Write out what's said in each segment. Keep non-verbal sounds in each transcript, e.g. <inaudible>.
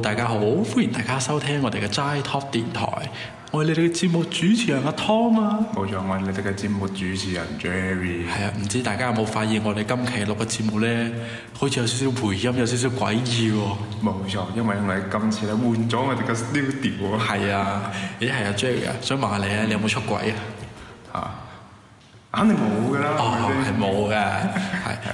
大家好，歡迎大家收聽我哋嘅齋 talk 電台，我係你哋嘅節目主持人阿湯啊。冇錯，我係你哋嘅節目主持人 Jerry。係啊，唔知大家有冇發現我哋今期錄嘅節目咧，好似有少少回音，有少少詭異喎、啊。冇錯，因為我哋今次咧換咗我哋嘅 studio。係 <laughs> 啊，咦、哎，係啊，Jerry，啊，Jerry，想問下你啊，你有冇出軌啊？吓、啊，肯定冇噶啦，係冇噶。能 <laughs>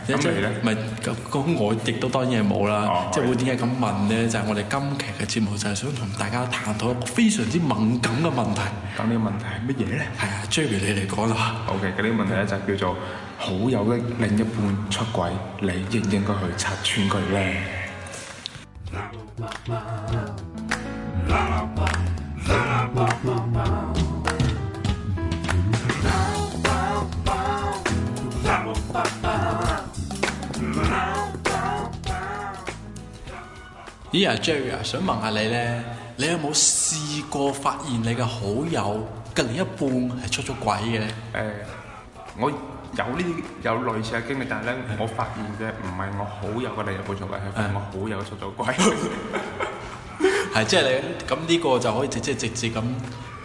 係，咁你咧，咪咁咁我亦都當然係冇啦。即係會點解咁問咧？就係我哋今期嘅節目就係想同大家探討一個非常之敏感嘅問題。咁呢個問題係乜嘢咧？係啊，Javier 你嚟講啦。OK，嗰啲問題咧就叫做好友嘅另一半出軌，你應唔應該去拆穿佢咧？咦啊 Jerry 啊，yeah, Jerry, 想問下你咧，你有冇試過發現你嘅好友嘅另一半係出咗軌嘅咧？誒、呃，我有呢啲有類似嘅經歷，但係咧，是我發現嘅唔係我好友嘅另一半出咗軌，係我好友出咗軌。係，即、就、係、是、你咁呢個就可以直接直接咁。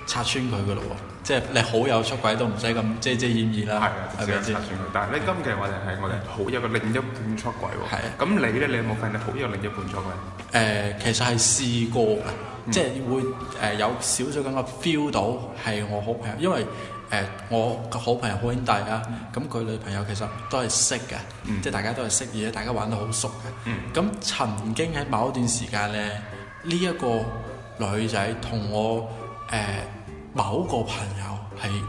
拆穿佢嘅咯喎，即係你好友出軌都唔使咁遮遮掩掩啦。係，直接拆穿佢。吧但係你今期我哋係我哋好友個另一半出軌喎。係。咁你咧，你有冇發現你好友另一半出軌？誒的、呃，其實係試過嘅，嗯、即係會誒、呃、有少少咁嘅 feel 到係我好朋友，因為誒、呃、我個好朋友好兄弟啦，咁佢、嗯、女朋友其實都係識嘅，嗯、即係大家都係識而大家玩得好熟嘅。咁、嗯、曾經喺某一段時間咧，呢、這、一個女仔同我誒。呃呃呃某個朋友係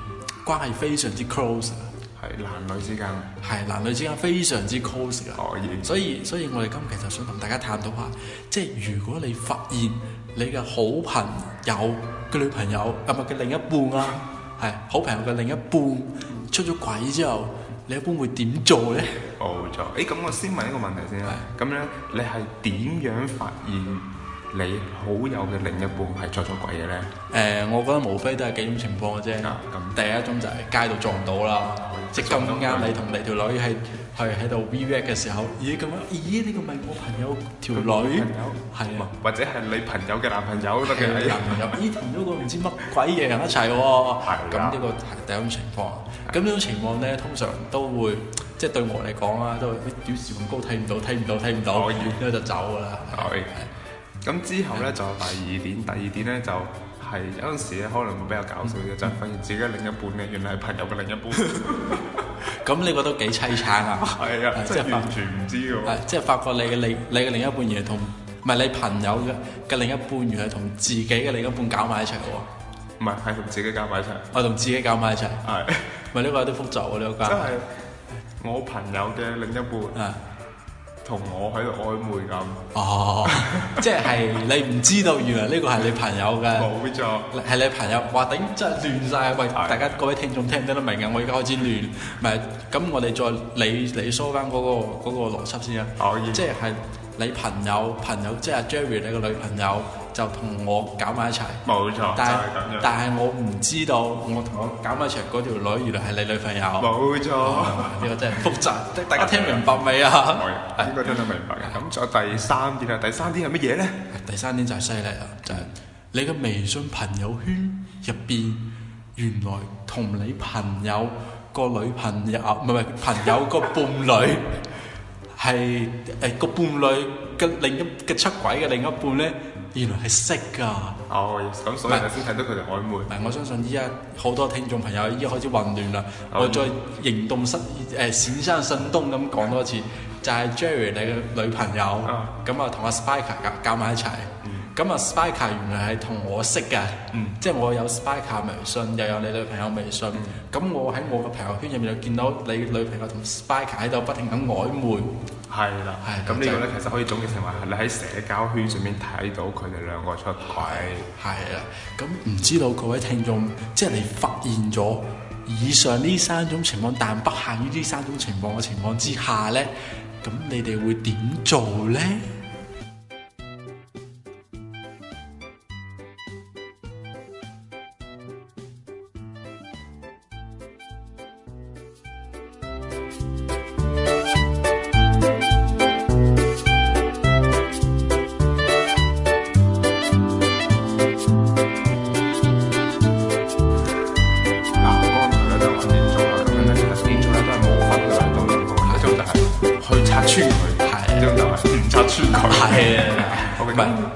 關係非常之 close 嘅，係男女之間，係男女之間非常之 close 嘅，所以所以我哋今期就想同大家探討下，即係如果你發現你嘅好朋友嘅女朋友，唔係嘅另一半啊，係好朋友嘅另一半出咗軌之後，你一般會點做呢？冇錯，誒咁我先問一個問題先啦，咁樣係，你係點樣發現？你好友嘅另一半係做咗鬼嘢咧？誒，我覺得無非都係幾種情況嘅啫。咁第一種就係街度撞到啦。即咁啱你同你條女係係喺度 WeChat 嘅時候，咦咁樣？咦，呢個咪我朋友條女？朋友係或者係你朋友嘅男朋友你男朋友？咦，同咗個唔知乜鬼嘢人一齊喎？咁呢個係第一種情況。咁呢種情況咧，通常都會即係對我嚟講啊，都係屌時咁高睇唔到，睇唔到，睇唔到，然之後就走㗎啦。可咁之後咧就第二點，第二點咧就係有陣時咧可能會比較搞笑嘅，就係發現自己嘅另一半咧，原來係朋友嘅另一半。咁呢個都幾淒慘啊！係啊，即係完全唔知喎。係即係發覺你嘅另你嘅另一半原來同唔係你朋友嘅嘅另一半原來同自己嘅另一半搞埋一齊喎。唔係係同自己搞埋一齊。我同自己搞埋一齊。係。咪呢個有啲複雜喎呢個關。真係。我朋友嘅另一半。啊。同我喺度曖昧咁，哦， <laughs> 即係你唔知道，原來呢個係你朋友嘅，冇錯，係你朋友話頂，真係亂晒。喂，對大家各位聽眾聽得明啊！我而家開始亂，咪咁我哋再理理疏翻嗰個嗰、那個邏輯先啊，可以意，即係你朋友朋友，即係 Jerry 你個女朋友。就同我搞埋一齊，冇錯。但係但係我唔知道，我同我搞埋一齊嗰條女，原來係你女朋友，冇錯。呢個真係複雜，大大家聽明白未啊？係應該聽得明白嘅。咁再第三點啊，第三點係乜嘢咧？第三點就係犀利啦，就係你嘅微信朋友圈入邊，原來同你朋友個女朋友，唔係唔係朋友個伴侶，係誒個伴侶。嘅另一嘅出軌嘅另一半咧，原來係識噶。哦，咁、嗯嗯、所以你先睇到佢哋曖昧。唔，我相信依家好多聽眾朋友已經開始混亂啦。嗯、我再形動失誒閃山閃動咁講多次，就係、是、Jerry 你嘅女朋友，咁啊同阿 Spiker 搞埋一齊。咁、嗯、啊 Spiker 原來係同我識嘅，即係、嗯就是、我有 Spiker 微信，又有你女朋友微信。咁、嗯、我喺我嘅朋友圈入面就見到你女朋友同 Spiker 喺度不停咁曖昧。嗯係啦，咁呢個咧其實可以總結成為係你喺社交圈上面睇到佢哋兩個出軌。係啦，咁唔知道各位聽眾，即係你發現咗以上呢三種情況，但不限於呢三種情況嘅情況之下咧，咁你哋會點做咧？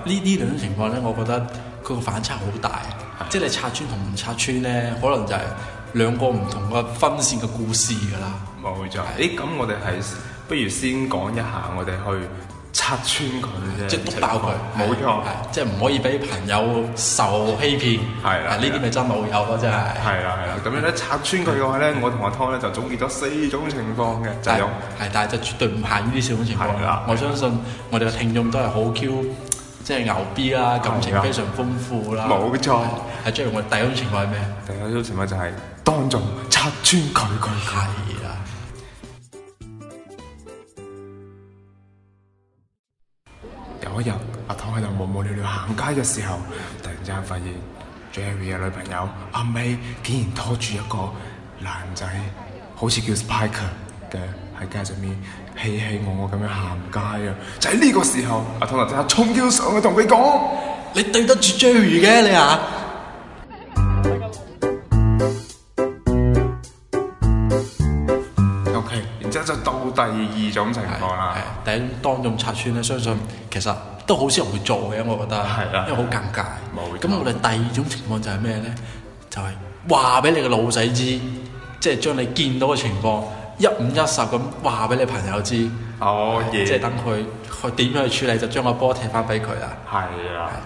呢啲兩種情況咧，我覺得佢個反差好大，即係你拆穿同唔拆穿咧，可能就係兩個唔同嘅分線嘅故事㗎啦。冇錯。誒，咁我哋係不如先講一下我哋去拆穿佢啫，即係篤爆佢。冇錯，即係唔可以俾朋友受欺騙。係啦，呢啲咪真老友咯，真係。係啦，係啦。咁樣咧，拆穿佢嘅話咧，我同阿湯咧就總結咗四種情況嘅，就係，但係就絕對唔限於呢四種情況。啦。我相信我哋嘅聽眾都係好 Q。即係牛逼啦、啊，感情非常豐富啦、啊。冇錯，係最讓我第一種情況係咩？第一種情況就係當眾拆穿佢佢係啦。 <laughs> <laughs> 有一日，阿 Tom 喺度無無聊聊行街嘅時候，突然之間發現 Jerry 嘅女朋友阿 May 竟然拖住一個男仔，好似叫 Spike 嘅，喺街上面。嘻嘻我我咁樣行街啊！就喺、是、呢個時候，阿 Tom、Tom 就衝嬌上去同佢講，你對得住 Jerry 嘅你啊 <music> ？O、okay, K，然之後就到第二種情況啦。係第一種當眾拆穿咧，相信其實都好少人會做嘅，我覺得。係啦的。因為好尷尬。冇。咁我哋第二種情況就係咩咧？就係話俾你個老細知，即、就、係、是、將你見到嘅情況。一五一十咁話俾你朋友知、oh, yeah.，即係等佢佢點樣去處理，就將個波踢翻俾佢啦。係啊 Yeah. 是！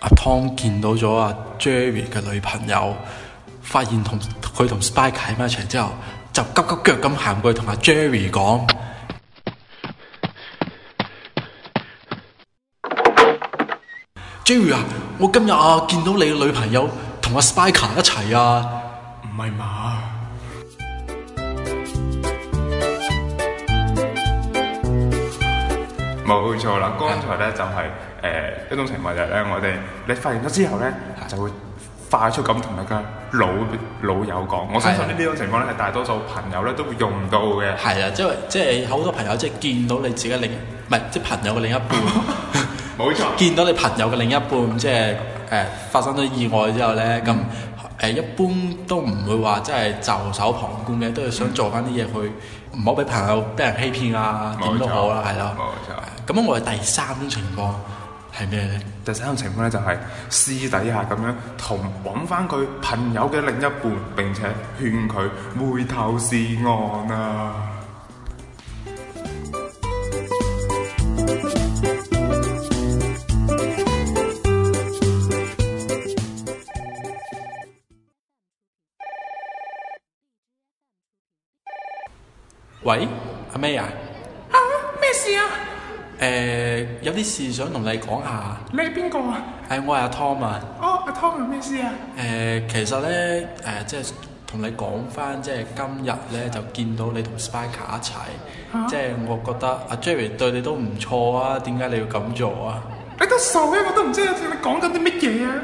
阿湯見到咗阿 Jerry 嘅女朋友，發現同佢同 Spike 喺埋一齊之後，就急急腳咁行過去同阿 Jerry 講。Jerry 啊！我今日啊見到你女朋友同阿 Spike 一齊啊！唔係嘛？冇錯啦，剛才咧就係誒一種情況就係咧，我哋你發現咗之後咧，就會快速咁同你嘅老老友講。我相信呢呢種情況咧係大多數朋友咧都會用到嘅。係啊，即係即係好多朋友即係見到你自己另唔係即朋友嘅另一半。冇錯，見到你朋友嘅另一半冇錯，即係誒、呃、發生咗意外之後呢，咁誒、嗯呃、一般都唔會話即係袖手旁觀嘅，嗯、都係想做翻啲嘢去唔好俾朋友俾人欺騙啊，點冇錯，都好啦，係咯。咁我哋第三種情況係咩呢？第三種情況呢，就係私底下咁樣同揾翻佢朋友嘅另一半，並且勸佢回頭是岸啊！喂，阿 May 啊！啊，咩事啊？誒、呃，有啲事想同你講下。你係邊個啊？誒、哎，我係阿 Tom 啊。哦，阿 Tom 有咩事啊？誒、呃，其實咧，誒、呃，即係同你講翻，即係今日咧就見到你同 Spike 一齊，即係我覺得阿、啊、Jerry 對你都唔錯啊，點解你要咁做啊？你都傻嘅，啊，我都唔知你講緊啲乜嘢啊！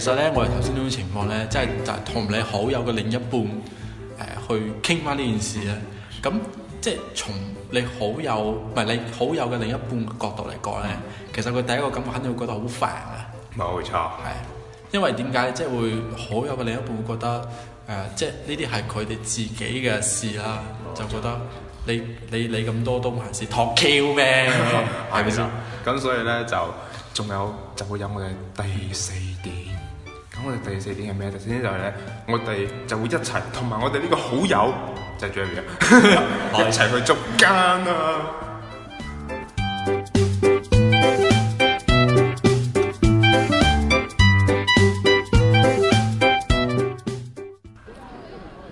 其實咧，我哋頭先呢種情況咧，即係就係、是、同你好友嘅另一半誒、呃、去傾翻呢件事咧。咁即係從你好友唔係你好友嘅另一半角度嚟講咧， <noise> 其實佢第一個感覺肯定會覺得好煩啊。冇錯錯，係，因為點解即係會好友嘅另一半會覺得誒、呃，即係呢啲係佢哋自己嘅事啦，就覺得你你你咁多都還是托 Q 咩？係咪先？咁 <noise> <laughs> <noise> 所以咧就仲有就會有我哋第四點。我哋第四點係咩？第四點就係咧，我哋就會一齊同埋我哋呢個好友就係 Javier 一齊去捉奸啊！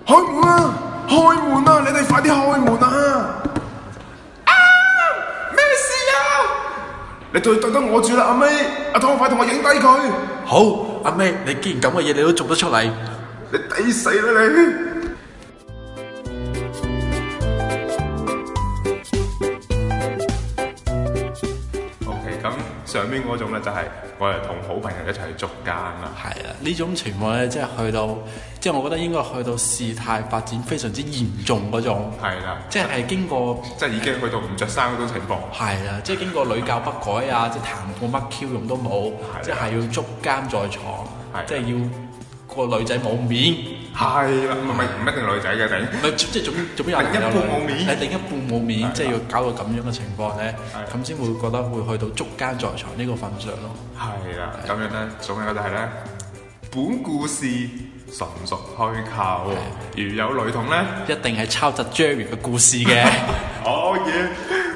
開門啊！開門啊！你哋快啲開門啊！啊！咩事啊？你對對得我住啦！阿 May，阿 Tom，快同我影低佢。好。阿妹，啊，你竟然咁嘅嘢你都做得出嚟，你抵死啦你！上面嗰種咧就係我係同好朋友一齊去捉奸啊！係啦，呢種情況咧，即係去到，即係我覺得應該去到事態發展非常之嚴重嗰種。係啦的，即係經過，的即係已經去到唔着衫嗰種情況。係啦，即係經過屢教不改的啊，即係談判乜 Q 用都冇，的即係要捉奸在床，的的即係要個女仔冇面。係啦，唔係唔一定女仔嘅，頂，即係做做有一半冇面，係另一半冇面，即係要搞到咁樣嘅情況咧，咁先會覺得會去到捉奸在床呢個份上咯。係啦，咁樣咧，仲有就係咧，本故事純屬虛構，如有雷同咧，一定係抄襲 Jerry 嘅故事嘅。好嘢。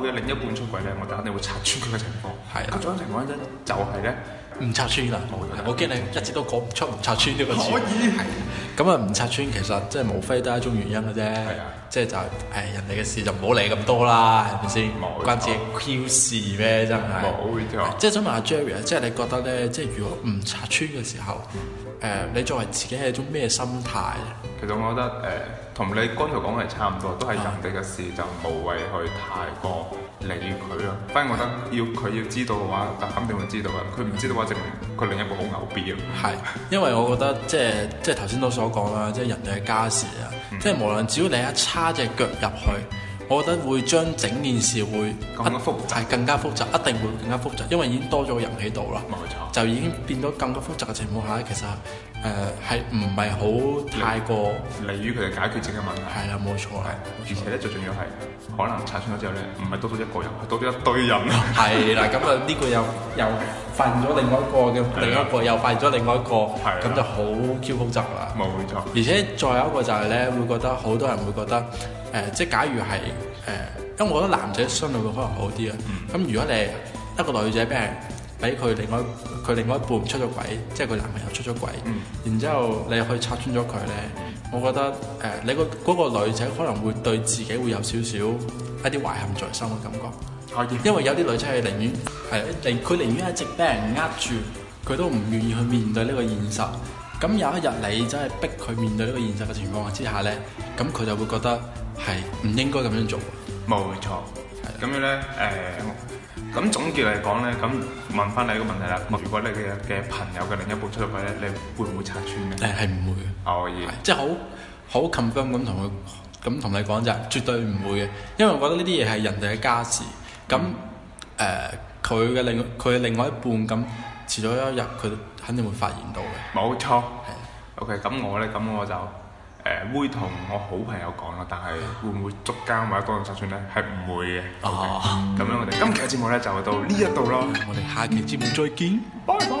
我嘅另一半出軌咧，我就肯定會拆穿佢嘅情況。係的，嗰種情況咧就係咧唔拆穿啦。我驚你一直都講唔出唔拆穿呢個字。可以係。咁啊的，唔拆穿其實即係無非都係一種原因嘅啫。係啊的，即係就係、是、誒、哎、人哋嘅事就唔好理咁多啦，係咪先？冇錯，關自己 Q 事咩？真係錯，即係想問阿 Jerry 啊，即係你覺得咧，即係如果唔拆穿嘅時候，誒、呃，你作為自己係一種咩心態？其實我覺得誒，同、呃、你剛才講嘅係差唔多，都係人哋嘅事的就無謂去太過理佢咯。反正我覺得要佢的要知道嘅話，就肯定會知道噶。佢唔知道嘅話，證明佢另一個好牛逼啊。係，因為我覺得即係即係頭先都所講啦，即、就、係、是、人哋嘅家事啊，即係、嗯、無論只要你一叉隻腳入去。我覺得會將整件事會係更加複雜，一定會更加複雜，因為已經多咗人喺度啦。冇錯，就已經變咗更加複雜嘅情況下，其實。誒係唔係好太過利於佢嘅解決性嘅問題？係啦，冇錯。係，而且咧錯最重要係，可能產生咗之後咧，唔係多咗一個人，係多咗一堆人咯。係 <laughs> 啦，咁啊呢個又又發現咗另外一個嘅，另一個，的另一個又發現咗另外一個，咁的就好 Q 複雜啦。冇錯。而且再有一個就係咧，會覺得好多人會覺得誒、呃，即係假如係誒、呃，因為我覺得男仔相對會可能好啲啊。咁、嗯、如果你一個女仔俾人？俾佢另外佢另外一半出咗軌，即係佢男朋友出咗軌，嗯、然之後你去拆穿咗佢呢，我覺得誒、呃、你個嗰、嗰個、女仔可能會對自己會有少少一啲懷恨在心嘅感覺，因為有啲女仔係寧願，係，佢寧願一直俾人呃住，佢都唔願意去面對呢個現實。咁有一日你真係逼佢面對呢個現實嘅情況之下呢，咁佢就會覺得係唔應該咁樣做。冇錯，咁樣咧，誒，咁、呃、總結嚟講咧，咁問翻你一個問題啦，的如果你嘅嘅朋友嘅另一半出咗軌咧，你會唔會拆穿咧？誒，係唔會嘅。哦，即係好好 confirm 咁同佢，咁同你講就係絕對唔會嘅，因為我覺得呢啲嘢係人哋嘅家事。咁誒、嗯，佢嘅、呃、另佢嘅另外一半咁遲咗一日，佢肯定會發現到嘅。冇錯。係的。OK，咁我咧，咁我就。誒、呃、會同我好朋友講、哦 okay，咯，但係會唔會捉奸或者多人拆穿咧？係唔會嘅。哦，咁樣我哋今期嘅節目咧就到呢一度咯，我哋下期節目再見。Bye bye。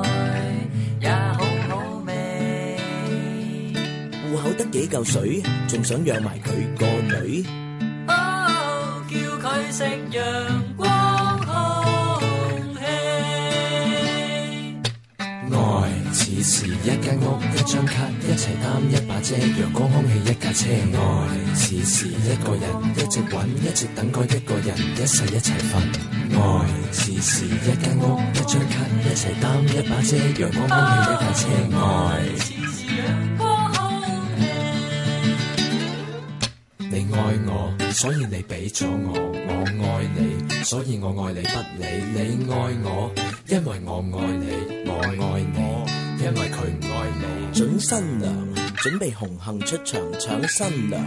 口得幾嚿水，仲想養埋佢個女。Oh, 叫佢食陽光空氣。愛，似是一間屋，一張卡，一齊擔一把遮，陽光空氣一架車。愛，似是一個人，一直揾，一直等過一個人，一世一齊瞓。愛，似是一間屋，一張卡，一齊擔一把遮，陽光空氣一架車。愛。所以你俾咗我，我愛你，所以我愛你不理你愛我，因為我愛你，我愛你，因為佢唔愛你，準新娘。準備紅杏出牆搶新娘，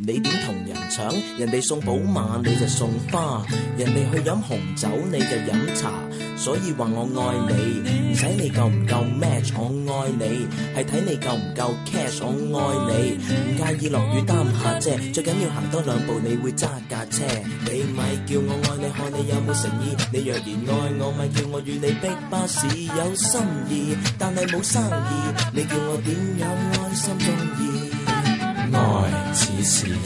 你點同人搶？人哋送寶馬你就送花，人哋去飲紅酒你就飲茶，所以話我愛你，唔使你夠唔夠咩 a 我愛你係睇你夠唔夠 cash，我愛你唔介意落雨擔下啫，最緊要行多兩步你會揸架車，你咪叫我愛你，看你有冇誠意，你若然愛我咪叫我與你逼巴士有，有心意但係冇生意，你叫我點樣？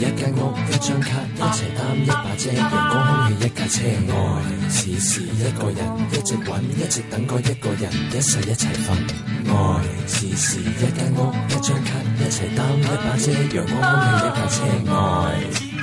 一間屋，一張卡，一齊擔一把遮，陽光空氣一架車。愛時時一個人，一直揾，一直等過一個人，一世一齊瞓。愛時時一間屋，一張卡，一齊擔一把遮，陽光空氣一架車。愛。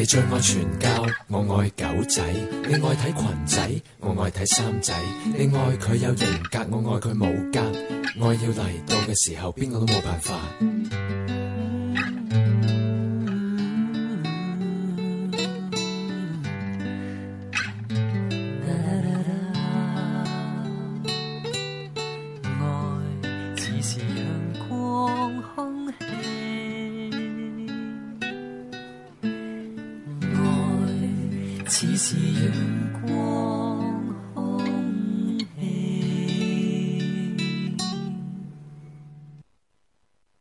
你最愛傳教，我愛狗仔；你愛睇裙仔，我愛睇衫仔。你愛佢有型格，我愛佢冇格。愛要嚟到嘅時候，邊個都冇辦法。